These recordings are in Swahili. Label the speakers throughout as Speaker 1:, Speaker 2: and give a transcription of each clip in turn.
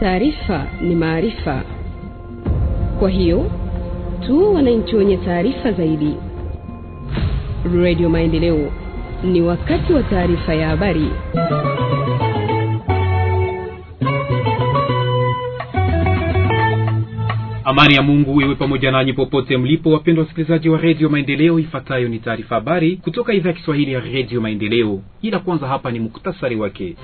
Speaker 1: Taarifa ni maarifa, kwa hiyo tu wananchi wenye taarifa zaidi. Redio Maendeleo, ni wakati wa taarifa ya habari.
Speaker 2: Amani ya Mungu iwe pamoja nanyi popote mlipo, wapendwa wasikilizaji wa redio Maendeleo. Ifuatayo ni taarifa habari kutoka idhaa ya Kiswahili ya redio Maendeleo, ila kwanza hapa ni muktasari wake.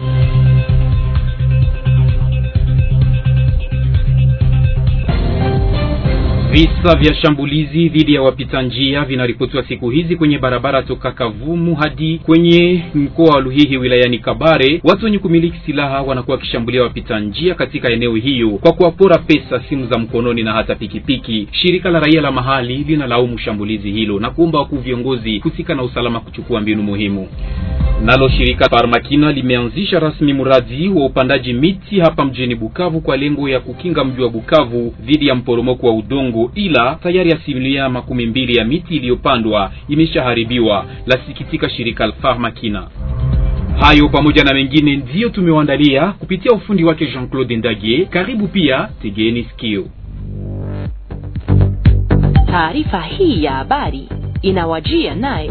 Speaker 2: Visa vya shambulizi dhidi ya wapita njia vinaripotiwa siku hizi kwenye barabara toka Kavumu hadi kwenye mkoa wa Luhihi wilayani Kabare. Watu wenye kumiliki silaha wanakuwa wakishambulia wapita njia katika eneo hiyo kwa kuwapora pesa, simu za mkononi na hata pikipiki. Shirika la raia la mahali linalaumu shambulizi hilo na kuomba wakuu viongozi husika na usalama kuchukua mbinu muhimu. Nalo shirika Farmakina limeanzisha rasmi mradi wa upandaji miti hapa mjini Bukavu kwa lengo ya kukinga mji wa Bukavu dhidi ya mporomoko wa udongo Mungu, ila tayari asilimia makumi mbili ya miti iliyopandwa imeshaharibiwa, lasikitika shirika farmakina Hayo pamoja na mengine ndiyo tumewaandalia kupitia ufundi wake Jean-Claude Ndagie. Karibu pia, tegeni sikio.
Speaker 1: Taarifa hii
Speaker 3: ya habari inawajia naye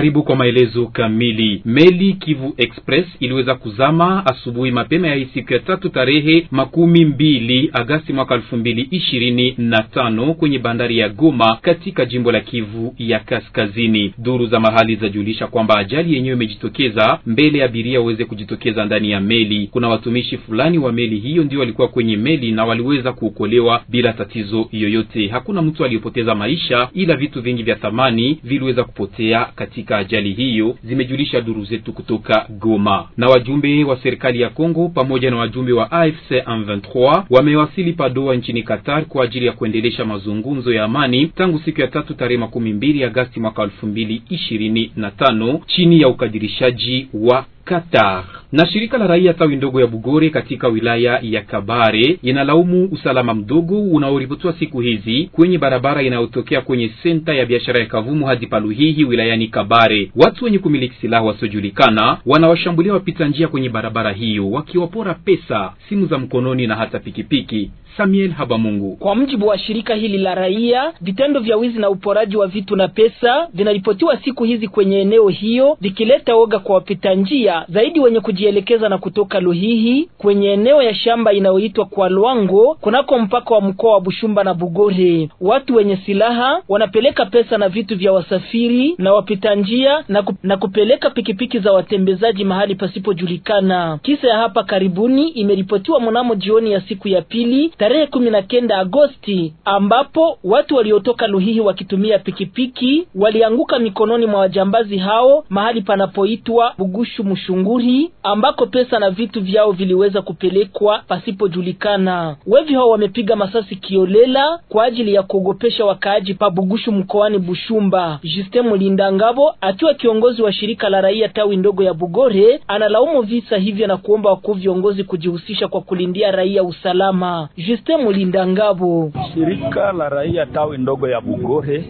Speaker 2: Karibu kwa maelezo kamili. Meli Kivu Express iliweza kuzama asubuhi mapema ya hii siku ya tatu tarehe makumi mbili Agasti mwaka elfu mbili ishirini na tano kwenye bandari ya Goma katika jimbo la Kivu ya Kaskazini. Duru za mahali zajulisha kwamba ajali yenyewe imejitokeza mbele ya abiria waweze kujitokeza ndani ya meli. Kuna watumishi fulani wa meli hiyo ndio walikuwa kwenye meli na waliweza kuokolewa bila tatizo yoyote. Hakuna mtu aliyepoteza maisha, ila vitu vingi vya thamani viliweza kupotea katika katika ajali hiyo, zimejulisha duru zetu kutoka Goma. Na wajumbe wa serikali ya Kongo pamoja na wajumbe wa AFC M23 wamewasili Padoa nchini Qatar kwa ajili ya kuendelesha mazungumzo ya amani tangu siku ya tatu tarehe makumi mbili Agasti mwaka elfu mbili ishirini na tano chini ya ukadirishaji wa Qatar. Na shirika la raia tawi ndogo ya Bugore katika wilaya ya Kabare inalaumu usalama mdogo unaoripotiwa siku hizi kwenye barabara inayotokea kwenye senta ya biashara ya Kavumu hadi Paluhihi wilayani Kabare. Watu wenye kumiliki silaha wasiojulikana wanawashambulia wapita njia kwenye barabara hiyo wakiwapora pesa, simu za mkononi na hata pikipiki. Samuel Habamungu.
Speaker 3: Kwa mjibu wa shirika hili la raia, vitendo vya wizi na uporaji wa vitu na pesa vinaripotiwa siku hizi kwenye eneo hiyo, vikileta woga kwa wapita njia zaidi wenye kujielekeza na kutoka Luhihi kwenye eneo ya shamba inayoitwa kwa Lwango kunako mpaka wa mkoa wa Bushumba na Bugore. Watu wenye silaha wanapeleka pesa na vitu vya wasafiri na wapita njia na, ku, na kupeleka pikipiki za watembezaji mahali pasipojulikana. Kisa ya hapa karibuni imeripotiwa mnamo jioni ya siku ya pili tarehe kumi na kenda Agosti ambapo watu waliotoka Luhihi wakitumia pikipiki walianguka mikononi mwa wajambazi hao mahali panapoitwa Bugushu Mushunguri, ambako pesa na vitu vyao viliweza kupelekwa pasipojulikana. Wevi hao wamepiga masasi kiolela kwa ajili ya kuogopesha wakaaji pa Bugushu mkoani Bushumba. Justin Mulindangabo akiwa kiongozi wa shirika la raia tawi ndogo ya Bugore analaumu visa hivyo na kuomba wakuu viongozi kujihusisha kwa kulindia raia usalama. Justin Mulinda Ngabo.
Speaker 4: Shirika la raia tawi ndogo ya Bugohe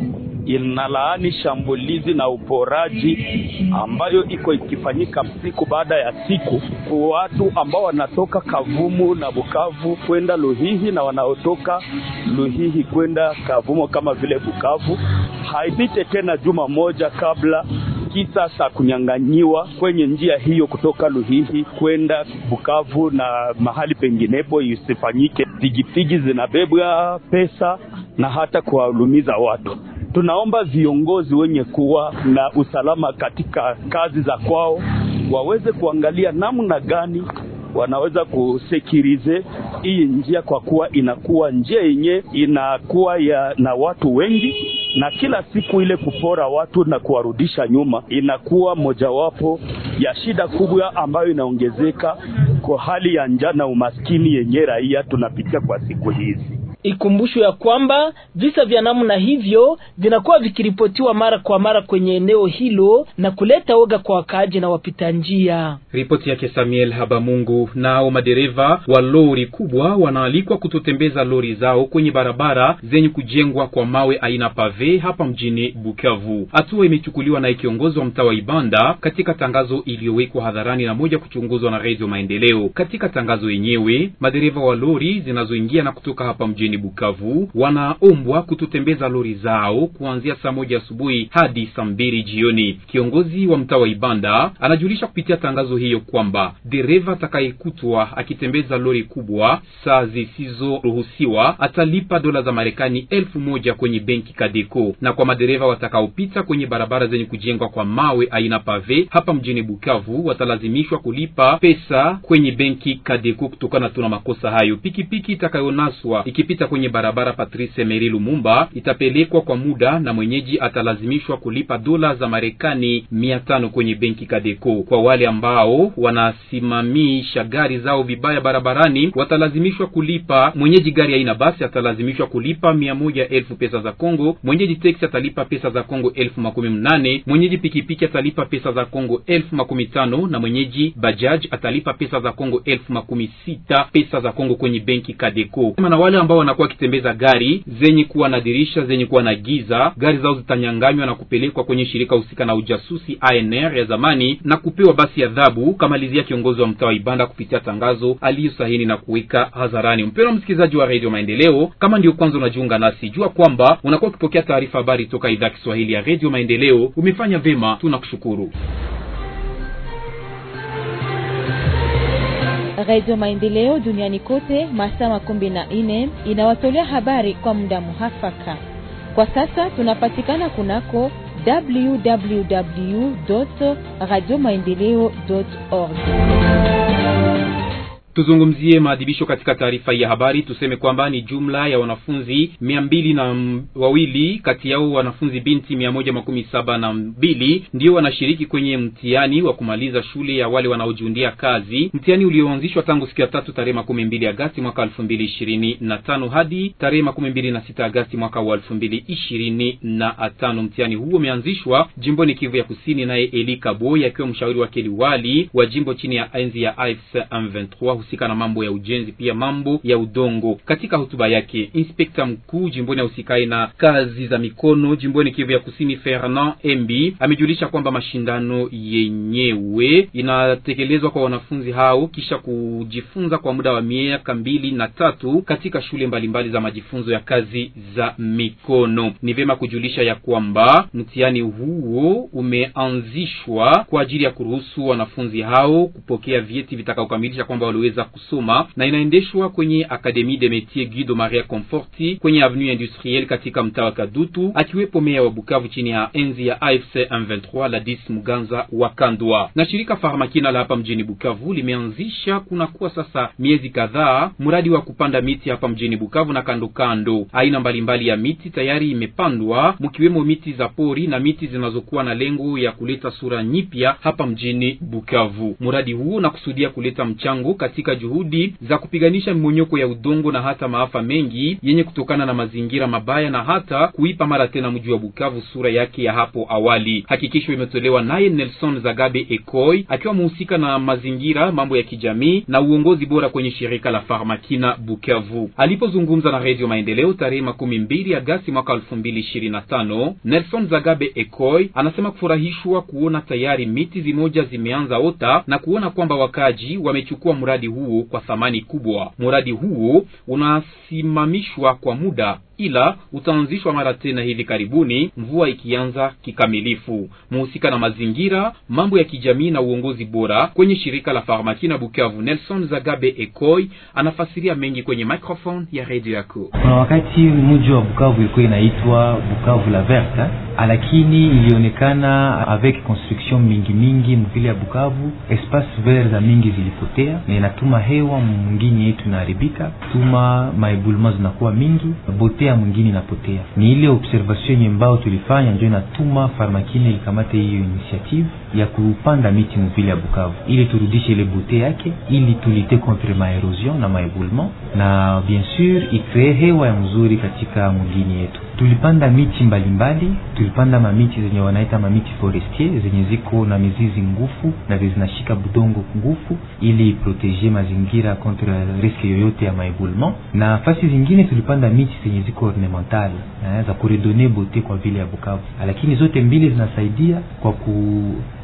Speaker 4: inalaani shambulizi na uporaji ambayo iko ikifanyika siku baada ya siku, watu ambao wanatoka Kavumu na Bukavu kwenda Luhihi na wanaotoka Luhihi kwenda Kavumu kama vile Bukavu. Haipite tena juma moja kabla kitasa sasa kunyang'anyiwa kwenye njia hiyo kutoka Luhihi kwenda Bukavu na mahali penginepo isifanyike. Pigipigi zinabebwa pesa na hata kuwalumiza watu. Tunaomba viongozi wenye kuwa na usalama katika kazi za kwao waweze kuangalia namna gani wanaweza kusekirize hii njia, kwa kuwa inakuwa njia yenye inakuwa ya, na watu wengi na kila siku ile kupora watu na kuwarudisha nyuma inakuwa mojawapo ya shida kubwa ambayo inaongezeka kwa hali ya njaa na umaskini yenye raia tunapitia kwa siku hizi.
Speaker 3: Ikumbushwe ya kwamba visa vya namna hivyo vinakuwa vikiripotiwa mara kwa mara kwenye eneo hilo na kuleta woga kwa wakaaji na wapita njia.
Speaker 2: Ripoti yake Samuel Habamungu. Nao madereva wa lori kubwa wanaalikwa kutotembeza lori zao kwenye barabara zenye kujengwa kwa mawe aina pave hapa mjini Bukavu. Hatua imechukuliwa na kiongozi wa mtaa wa Ibanda katika tangazo iliyowekwa hadharani na moja kuchunguzwa na Radio Maendeleo. Katika tangazo yenyewe, madereva wa lori zinazoingia na kutoka hapa mjini mjini Bukavu wanaombwa kutotembeza lori zao kuanzia saa moja asubuhi hadi saa mbili jioni. Kiongozi wa mtaa wa Ibanda anajulisha kupitia tangazo hiyo kwamba dereva atakayekutwa akitembeza lori kubwa saa zisizoruhusiwa atalipa dola za Marekani elfu moja kwenye benki Kadeko, na kwa madereva watakaopita kwenye barabara zenye kujengwa kwa mawe aina pave hapa mjini Bukavu watalazimishwa kulipa pesa kwenye benki Kadeko kutokana tu na makosa hayo. Pikipiki itakayonaswa ikipita kupita kwenye barabara Patrice meri Lumumba itapelekwa kwa muda na mwenyeji atalazimishwa kulipa dola za Marekani mia tano kwenye benki Kadeco. Kwa wale ambao wanasimamisha gari zao vibaya barabarani watalazimishwa kulipa, mwenyeji gari aina basi atalazimishwa kulipa mia moja elfu pesa za Kongo, mwenyeji teksi atalipa pesa za Kongo elfu makumi mnane mwenyeji pikipiki atalipa pesa za Kongo elfu makumi tano na mwenyeji bajaj atalipa pesa za Kongo elfu makumi sita pesa za Kongo kwenye benki Kadeco na wale ambao wanakuwa wakitembeza gari zenye kuwa na dirisha zenye kuwa na giza. Gari zao zitanyanganywa na kupelekwa kwenye shirika husika na ujasusi ANR ya zamani na kupewa basi adhabu, kamalizia kiongozi wa mtaa wa Ibanda kupitia tangazo aliyosahini na kuweka hadharani. Mpendwa msikilizaji wa Radio Maendeleo, kama ndio kwanza unajiunga nasi, jua kwamba unakuwa ukipokea taarifa habari toka idhaa Kiswahili ya Radio Maendeleo. Umefanya vema, tunakushukuru.
Speaker 1: Radio Maendeleo duniani kote masaa makumbi na nne inawatolea habari kwa muda muhafaka. Kwa sasa tunapatikana kunako www radio maendeleo org
Speaker 2: Tuzungumzie maadhibisho katika taarifa ya habari. Tuseme kwamba ni jumla ya wanafunzi mia mbili na wawili, kati yao wanafunzi binti mia moja makumi saba na mbili ndio wanashiriki kwenye mtihani wa kumaliza shule ya wale wanaojiundia kazi, mtihani ulioanzishwa tangu siku ya tatu tarehe makumi mbili Agasti mwaka elfu mbili ishirini na tano hadi tarehe makumi mbili na sita Agasti mwaka wa elfu mbili ishirini na tano. Mtihani huo umeanzishwa jimboni Kivu ya Kusini, naye Eli kaboi akiwa mshauri wake liwali wa jimbo chini ya enzi ya AFC M23 anahusika na mambo ya ujenzi, pia mambo ya udongo. Katika hotuba yake, inspekta mkuu jimboni ahusikaye na kazi za mikono jimboni Kivu ya Kusini, Fernand Embi, amejulisha kwamba mashindano yenyewe inatekelezwa kwa wanafunzi hao kisha kujifunza kwa muda wa miaka mbili na tatu katika shule mbalimbali za majifunzo ya kazi za mikono. Ni vyema kujulisha ya kwamba mtihani huo umeanzishwa kwa ajili ya kuruhusu wanafunzi hao kupokea vyeti vitakaokamilisha kwamba waliweza kuweza kusoma na inaendeshwa kwenye academie de Metier Guido Maria Conforti kwenye Avenue Industrielle katika mtaa wa Kadutu, akiwepo meya wa Bukavu chini ya enzi ya AFC M23 Ladis Muganza wa Kandwa. Na shirika Farmakina la hapa mjini Bukavu limeanzisha kunakuwa sasa miezi kadhaa mradi wa kupanda miti hapa mjini Bukavu na kando kando. Aina mbalimbali ya miti tayari imepandwa mkiwemo miti za pori na miti zinazokuwa na lengo ya kuleta sura nyipya hapa mjini Bukavu. Mradi huu unakusudia kuleta mchango katika katika juhudi za kupiganisha mmonyoko ya udongo na hata maafa mengi yenye kutokana na mazingira mabaya na hata kuipa mara tena mji wa Bukavu sura yake ya hapo awali. Hakikisho imetolewa naye Nelson Zagabe Ekoi akiwa muhusika na mazingira, mambo ya kijamii na uongozi bora kwenye shirika la Farmakina Bukavu. Alipozungumza na Redio Maendeleo tarehe makumi mbili Agasti mwaka elfu mbili ishirini na tano, Nelson Zagabe Ekoi anasema kufurahishwa kuona tayari miti zimoja zimeanza ota na kuona kwamba wakaji wamechukua mradi huo kwa thamani kubwa. Mradi huo unasimamishwa kwa muda, ila utaanzishwa mara tena hivi karibuni, mvua ikianza kikamilifu. muhusika na mazingira, mambo ya kijamii na uongozi bora kwenye shirika la Farmakina Bukavu, Nelson Zagabe Ekoi anafasiria mengi kwenye microphone ya redio yako.
Speaker 5: Kuna wakati mji wa Bukavu ilikuwa inaitwa Bukavu la Verte lakini ilionekana avec construction mingi mingi mvile ya Bukavu espace vert za mingi zilipotea, na inatuma hewa mwingine yetu inaharibika, tuma maebulema zinakuwa mingi, botea mwingine inapotea. Ni ile observation yenye mbao tulifanya ndio inatuma farmakine ilikamate hiyo initiative ya kupanda miti mvile ya Bukavu ili turudishe ile bote yake, ili tulite contre maerosion na maebulema, na bien sur ikree hewa ya mzuri katika mwingine yetu tulipanda miti mbalimbali mbali, tulipanda mamiti zenye wanaita mamiti forestier zenye ziko na mizizi ngufu na zinashika budongo ngufu ili iproteje mazingira contre riske yoyote ya maeboulement na fasi zingine tulipanda miti zenye ziko ornemental eh, za kuredone bote kwa vile ya Bukavu, lakini zote mbili zinasaidia kwa ku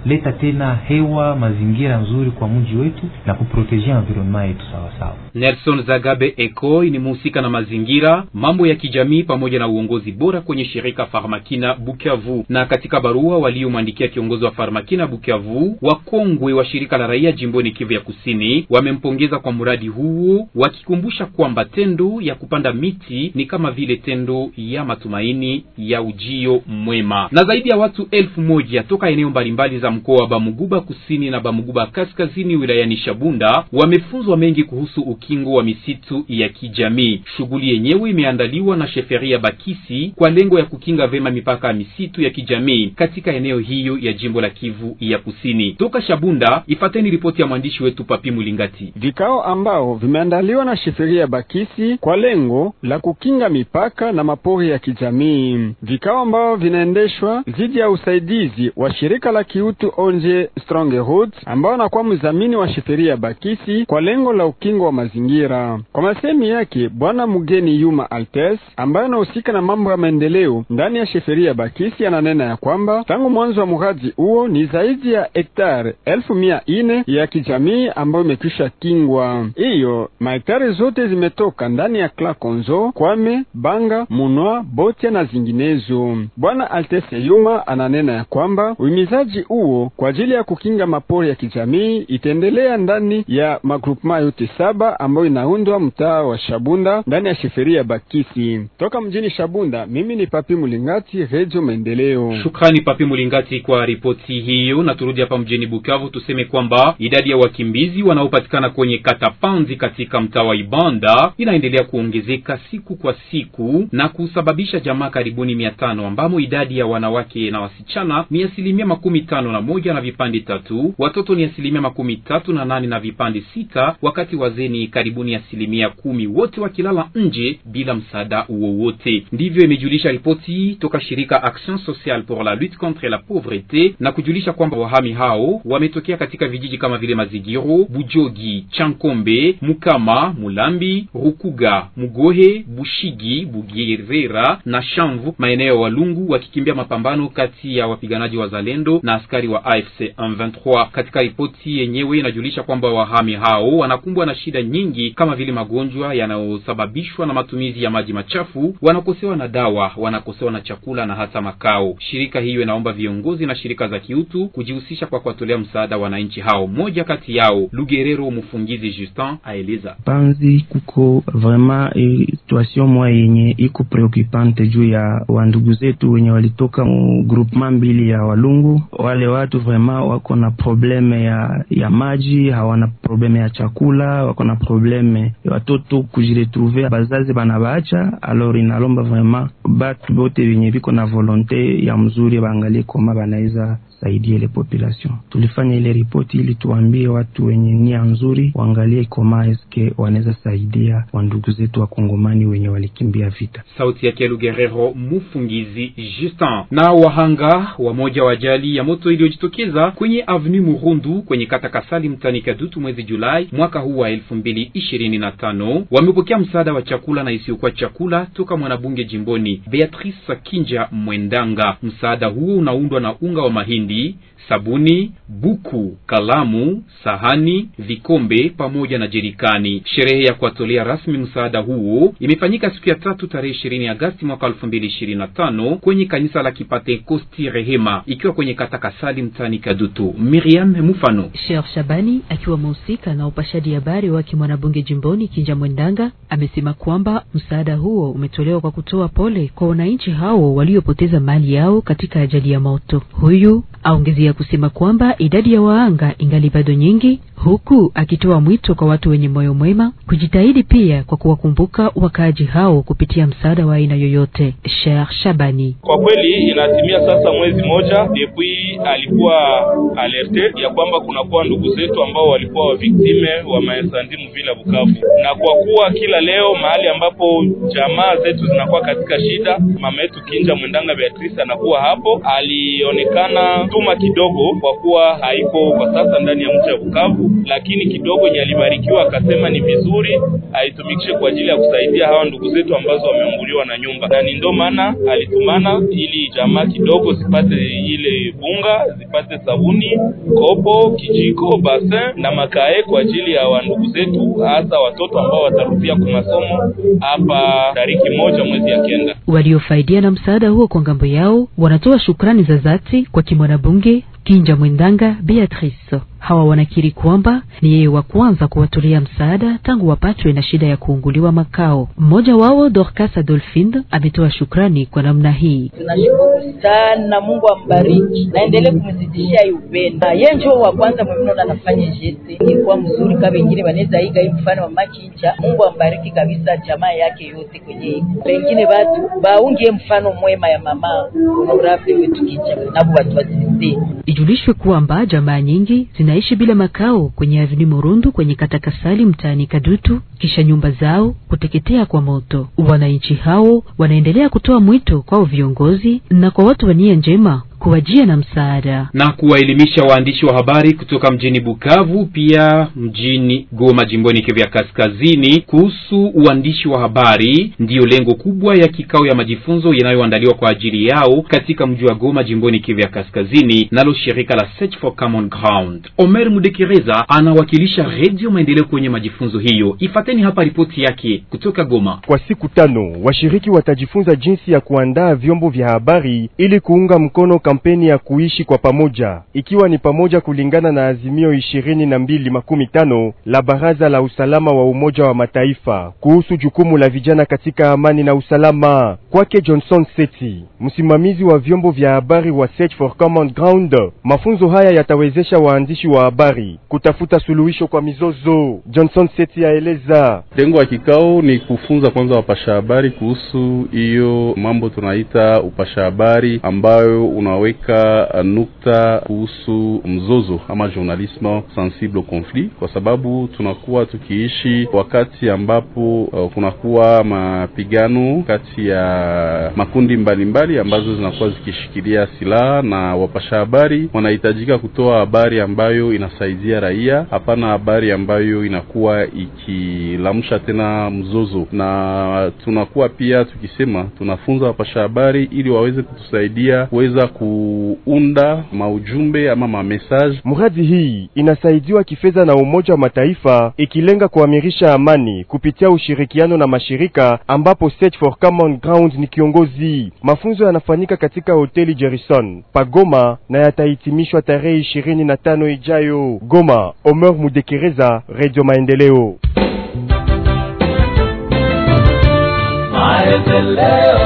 Speaker 5: kuleta tena hewa mazingira nzuri kwa mji wetu na kuprotejea environment yetu sawasawa.
Speaker 2: Nelson Zagabe Ekoi ni muhusika na mazingira, mambo ya kijamii pamoja na uongozi bora kwenye shirika Farmakina Bukavu. Na katika barua waliomwandikia kiongozi wa Farmakina Bukavu, wakongwe wa shirika la raia jimboni Kivu ya Kusini wamempongeza kwa mradi huu, wakikumbusha kwamba tendo ya kupanda miti ni kama vile tendo ya matumaini ya ujio mwema, na zaidi ya watu elfu moja toka eneo mbalimbali za mkoa wa Bamuguba kusini na Bamuguba kaskazini wilayani Shabunda wamefunzwa mengi kuhusu ukingo wa misitu ya kijamii. Shughuli yenyewe imeandaliwa na Sheferia Bakisi kwa lengo ya kukinga vema mipaka ya misitu ya kijamii katika eneo hiyo ya jimbo la Kivu ya Kusini. Toka Shabunda, ifateni ripoti ya mwandishi wetu Papi Mulingati.
Speaker 6: Vikao ambao vimeandaliwa na Sheferia Bakisi kwa lengo la kukinga mipaka na mapori ya kijamii, vikao ambao vinaendeshwa dhidi ya usaidizi wa shirika la kiutu mtu Onje Stronghold ambao anakuwa mzamini wa ya Bakisi kwa lengo la ukingo wa mazingira. Kwa masemi yake bwana Mugeni Yuma Altes ambaye anahusika na mambo ya maendeleo ndani ya ya Bakisi ananena ya kwamba tangu mwanzo wa mradi huo ni zaidi ya hektare elfu mia ine ya kijamii ambayo imekwisha kingwa. Hiyo mahektare zote zimetoka ndani ya Klakonzo, Kwame, Banga, Munwa, Botia na zinginezo. Bwana Altes Yuma ananena ya kwamba uhimizaji huo huo kwa ajili ya kukinga mapori ya kijamii itaendelea ndani ya magrupema yote saba ambayo inaundwa mtaa wa Shabunda ndani ya sheferia ya Bakisi. Toka mjini Shabunda, mimi ni Papi Mulingati, Redio Maendeleo.
Speaker 2: Shukrani Papi Mulingati kwa ripoti hiyo, na turudi hapa mjini Bukavu tuseme kwamba idadi ya wakimbizi wanaopatikana kwenye katapanzi katika mtaa wa Ibanda inaendelea kuongezeka siku kwa siku na kusababisha jamaa karibuni mia tano ambamo idadi ya wanawake na wasichana ni asilimia makumi tano na moja na vipande tatu, watoto ni asilimia makumi tatu na nane na vipande sita, wakati wazee ni karibuni asilimia kumi, wote wakilala nje bila msaada wowote. Ndivyo imejulisha ripoti toka shirika Action Sociale pour la lutte contre la pauvreté, na kujulisha kwamba wahami hao wametokea katika vijiji kama vile Mazigiro, Bujogi, Chankombe, Mukama, Mulambi, Rukuga, Mugohe, Bushigi, Bugerera na Shamvu, maeneo ya Walungu, wakikimbia mapambano kati ya wapiganaji Zalendo na askari askari wa AFC M23. Katika ripoti yenyewe inajulisha kwamba wahami hao wanakumbwa na shida nyingi kama vile magonjwa yanayosababishwa na matumizi ya maji machafu, wanakosewa na dawa, wanakosewa na chakula na hata makao. Shirika hiyo inaomba viongozi na shirika za kiutu kujihusisha kwa kuwatolea msaada wananchi hao. Moja kati yao Lugerero Mfungizi Justin aeleza
Speaker 4: panzi kuko vraiment situation yenye iko preoccupante juu ya wandugu zetu wenye walitoka mu groupement mbili ya walungu wale watu vraiment wako na probleme ya, ya maji, hawana probleme ya chakula, wako na probleme ya watoto kujiretrouve, bazazi banabaacha. Alors inalomba vraiment batu bote venye viko na volonte ya mzuri, baangalie koma banaweza tusaidie ile population. Tulifanya ile ripoti ili tuambie watu wenye nia nzuri waangalie koma eske wanaweza saidia wandugu zetu wakongomani wenye walikimbia
Speaker 2: vita. Sauti yake Lugerero Mufungizi Justin. Na wahanga wa moja wa ajali ya moto iliyojitokeza kwenye Avenue Murundu kwenye kata Kasali mtani Kadutu mwezi Julai mwaka huu wa 2025 wamepokea msaada wa chakula na isiyokuwa chakula toka mwanabunge jimboni Beatrice Kinja Mwendanga. Msaada huo unaundwa na unga wa mahindi be sabuni, buku, kalamu, sahani, vikombe pamoja na jerikani. Sherehe ya kuwatolea rasmi msaada huo imefanyika siku ya tatu tarehe ishirini Agasti mwaka elfu mbili ishirini na tano kwenye kanisa la Kipatekosti Rehema ikiwa kwenye kata Kasali mtaani Kadutu. Miriam Mufano
Speaker 1: Sheikh Shabani akiwa mhusika na upashaji habari wake mwanabunge jimboni Kinja Mwendanga amesema kwamba msaada huo umetolewa kwa kutoa pole kwa wananchi hao waliopoteza mali yao katika ajali ya moto. Huyu aongezea kusema kwamba idadi ya waanga ingali bado nyingi huku akitoa mwito kwa watu wenye moyo mwema kujitahidi pia kwa kuwakumbuka wakaaji hao kupitia msaada wa aina yoyote. Sheikh Shabani:
Speaker 4: kwa kweli inatimia sasa mwezi moja depui alikuwa alerte ya kwamba kunakuwa ndugu zetu ambao walikuwa waviktime wa maesandimu vila Bukavu, na kwa kuwa kila leo mahali ambapo jamaa zetu zinakuwa katika shida, mama yetu Kinja Mwendanga Beatrice anakuwa hapo, alionekana tuma kidogo, kwa kuwa haiko kwa sasa ndani ya mji wa Bukavu lakini kidogo yenye alibarikiwa akasema ni vizuri aitumikishe kwa ajili ya kusaidia hawa ndugu zetu ambazo wameunguliwa na nyumba, na ni ndo maana alitumana ili jamaa kidogo zipate ile bunga, zipate sabuni, kopo, kijiko, basin na makae kwa ajili ya wandugu zetu, hasa watoto ambao watarudia kwa masomo hapa tariki
Speaker 1: moja mwezi ya kenda. Waliofaidia na msaada huo kwa ngambo yao wanatoa shukrani za dhati kwa kimwanabunge Kinja Mwendanga Beatrice. Hawa wanakiri kwamba ni yeye wa kwanza kuwatolea msaada tangu wapatwe na shida ya kuunguliwa makao. Mmoja wao Dorcas Adolfin ametoa shukrani kwa namna hii.
Speaker 3: Tunashukuru sana, Mungu ambariki, naendelee kumzidishia hiyo upendo. Yeye ndio wa kwanza mwenyewe anafanya jeste, ilikuwa mzuri kama wengine wanaweza iga hii mfano wa machinja. Mungu ambariki kabisa jamaa yake yote kwenye hii, pengine watu baungie mfano mwema ya mama honorable wetu Kicha, nabo watu
Speaker 1: wasisite. Ijulishwe kwamba jamaa nyingi zina wanaishi bila makao kwenye Avenue Murundu kwenye kata Kasali mtaani Kadutu kisha nyumba zao kuteketea kwa moto. Wananchi hao wanaendelea kutoa mwito kwa viongozi na kwa watu wa nia njema kuwajia na msaada
Speaker 2: na kuwaelimisha waandishi wa habari kutoka mjini Bukavu pia mjini Goma jimboni Kivu ya Kaskazini kuhusu uandishi wa habari, ndiyo lengo kubwa ya kikao ya majifunzo yanayoandaliwa kwa ajili yao katika mji wa Goma jimboni Kivu ya Kaskazini, nalo shirika la Search for Common Ground. Omer Mudekereza anawakilisha Redio Maendeleo kwenye majifunzo hiyo. Ifateni hapa ripoti yake kutoka Goma. Kwa siku tano
Speaker 7: washiriki watajifunza jinsi ya kuandaa vyombo vya habari ili kuunga mkono kam kampeni ya kuishi kwa pamoja, ikiwa ni pamoja kulingana na azimio ishirini na mbili makumi tano la Baraza la Usalama wa Umoja wa Mataifa kuhusu jukumu la vijana katika amani na usalama. Kwake Johnson Seti, msimamizi wa vyombo vya habari wa Search for Common Ground, mafunzo haya yatawezesha waandishi wa habari kutafuta suluhisho kwa mizozo. Johnson Seti aeleza
Speaker 4: lengo ya kikao ni kufunza kwanza wapasha habari kuhusu hiyo mambo tunaita upasha habari ambayo una tunaweka uh, nukta kuhusu mzozo ama journalisme sensible conflit, kwa sababu tunakuwa tukiishi wakati ambapo uh, kunakuwa mapigano kati ya makundi mbalimbali mbali, ambazo zinakuwa zikishikilia silaha na wapasha habari wanahitajika kutoa habari ambayo inasaidia raia, hapana habari ambayo inakuwa ikilamsha tena mzozo. Na tunakuwa pia tukisema tunafunza wapasha habari ili waweze kutusaidia kuweza ku kuunda maujumbe ama mamesage.
Speaker 7: Mradi hii inasaidiwa kifedha na Umoja wa Mataifa ikilenga kuamirisha amani kupitia ushirikiano na mashirika ambapo Search for Common Ground ni kiongozi. Mafunzo yanafanyika katika hoteli Jerison pagoma na yatahitimishwa tarehe ishirini na tano ijayo. Goma, Omer Mudekereza,
Speaker 2: Radio Maendeleo.
Speaker 4: Maendeleo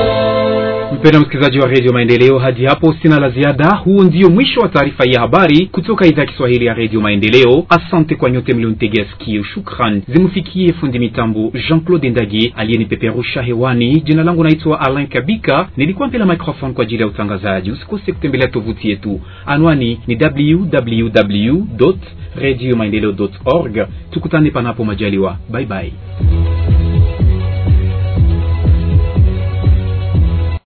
Speaker 2: mpendwa msikilizaji wa redio maendeleo hadi hapo sina la ziada huu ndio mwisho wa taarifa ya habari kutoka idhaa ya kiswahili ya redio maendeleo asante kwa nyote mliontegea sikio shukran zimfikie fundi mitambo jean claude ndagi aliyenipeperusha hewani jina langu naitwa alain kabika nilikuwa mpela microphone kwa ajili ya utangazaji usikose kutembelea tovuti yetu anwani ni www radio maendeleo org tukutane panapo majaliwa baibai bye bye.